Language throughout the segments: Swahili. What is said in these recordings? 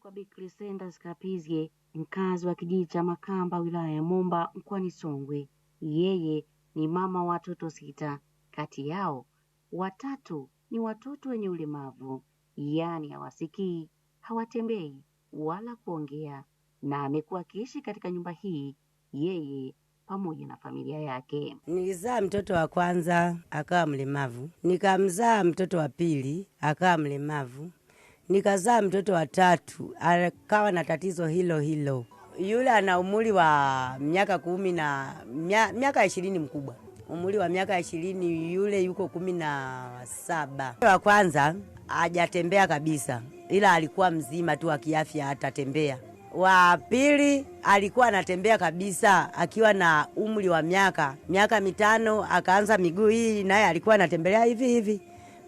kwa Bi Crisenda Skapizye, mkazi wa kijiji cha Makamba, wilaya ya Momba, mkoani Songwe. Yeye ni mama wa watoto sita, kati yao watatu ni watoto wenye ulemavu, yaani hawasikii, hawatembei wala kuongea, na amekuwa akiishi katika nyumba hii yeye pamoja na familia yake. Nilizaa mtoto wa kwanza akawa mlemavu, nikamzaa mtoto wa pili akawa mlemavu, nikazaa mtoto wa tatu, akawa na tatizo hilo hilo. Yule ana umuli wa miaka kumi na miaka ishirini mkubwa umuli wa miaka ishirini, yule yuko kumi na saba. Wa kwanza ajatembea kabisa, ila alikuwa mzima tu akiafya, atatembea. Wa pili alikuwa anatembea kabisa akiwa na umri wa miaka miaka mitano, akaanza miguu hii, naye alikuwa anatembelea hivi hivi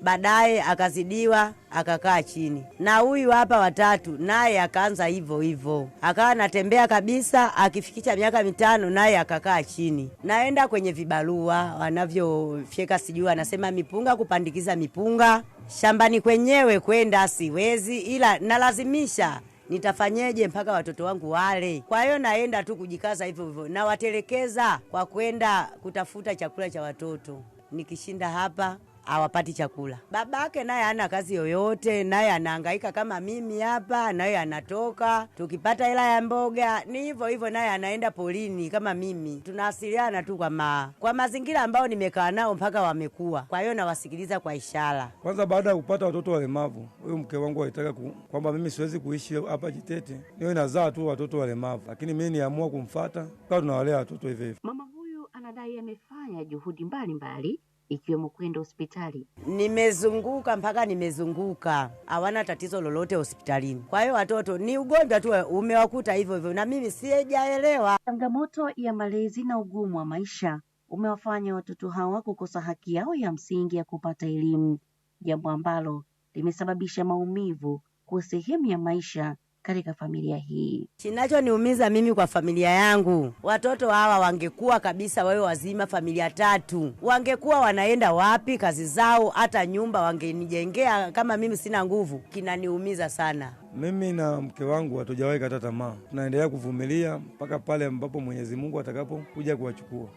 baadaye akazidiwa akakaa chini, na huyu hapa watatu naye akaanza hivyo hivyo, akawa anatembea kabisa. Akifikisha miaka mitano naye akakaa chini. Naenda kwenye vibarua wanavyofyeka, sijui anasema mipunga, kupandikiza mipunga shambani kwenyewe, kwenda siwezi, ila nalazimisha nitafanyeje mpaka watoto wangu wale. Kwa hiyo naenda tu kujikaza hivyo hivyo, nawatelekeza kwa kwenda kutafuta chakula cha watoto. Nikishinda hapa hawapati chakula. baba yake naye hana kazi yoyote, naye anahangaika kama mimi hapa, naye anatoka. Tukipata hela ya mboga ni hivyo hivyo, naye anaenda polini kama mimi. Tunawasiliana tu kwa ma kwa mazingira ambayo nimekaa nao mpaka wamekuwa. Kwa hiyo nawasikiliza kwa ishara. Kwanza baada ya kupata watoto walemavu, huyu mke wangu alitaka kwamba mimi siwezi kuishi hapa Jitete, niwe nazaa tu watoto walemavu, lakini mimi niamua kumfata, kaa tunawalea watoto hivyo hivyo. Mama huyu anadai amefanya juhudi mbalimbali mbali ikiwemo kwenda hospitali. Nimezunguka mpaka nimezunguka, hawana tatizo lolote hospitalini. Kwa hiyo watoto ni ugonjwa tu umewakuta hivyo hivyo, na mimi sijaelewa. Changamoto ya malezi na ugumu wa maisha umewafanya watoto hawa kukosa haki yao ya msingi ya kupata elimu, jambo ambalo limesababisha maumivu kuwa sehemu ya maisha katika familia hii. Kinachoniumiza mimi kwa familia yangu, watoto hawa wangekuwa kabisa wawe wazima, familia tatu, wangekuwa wanaenda wapi kazi zao? Hata nyumba wangenijengea kama mimi sina nguvu. Kinaniumiza sana. Mimi na mke wangu hatujawahi kata tamaa, tunaendelea kuvumilia mpaka pale ambapo Mwenyezi Mungu atakapokuja kuwachukua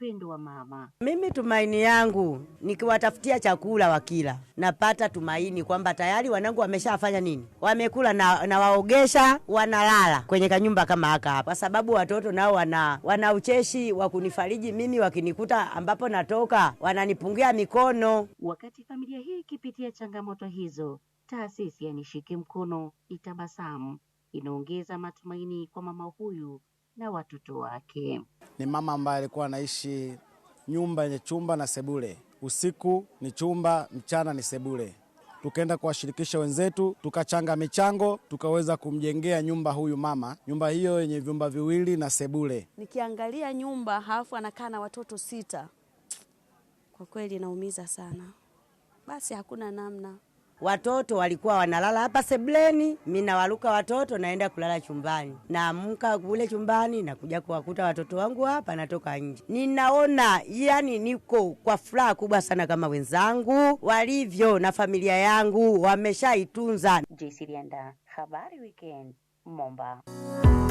upendo wa mama. Mimi tumaini yangu nikiwatafutia chakula wakila, napata tumaini kwamba tayari wanangu wameshafanya nini, wamekula na, na waogesha, wanalala kwenye kanyumba kama haka hapa, kwa sababu watoto nao wana, wana ucheshi wa kunifariji mimi, wakinikuta ambapo natoka wananipungia mikono. Wakati familia hii ikipitia changamoto hizo, taasisi ya Nishike Mkono Itabasamu inaongeza matumaini kwa mama huyu na watoto wake ni mama ambaye alikuwa anaishi nyumba yenye chumba na sebule, usiku ni chumba, mchana ni sebule. Tukaenda kuwashirikisha wenzetu, tukachanga michango, tukaweza kumjengea nyumba huyu mama, nyumba hiyo yenye vyumba viwili na sebule. Nikiangalia nyumba halafu anakaa na watoto sita, kwa kweli inaumiza sana. Basi hakuna namna watoto walikuwa wanalala hapa sebleni, mi nawaruka watoto naenda kulala chumbani, naamka kule chumbani nakuja kuwakuta watoto wangu hapa, natoka nje. Ninaona yani niko kwa furaha kubwa sana kama wenzangu walivyo na familia yangu wameshaitunza. Jesiria habari weekend, Momba.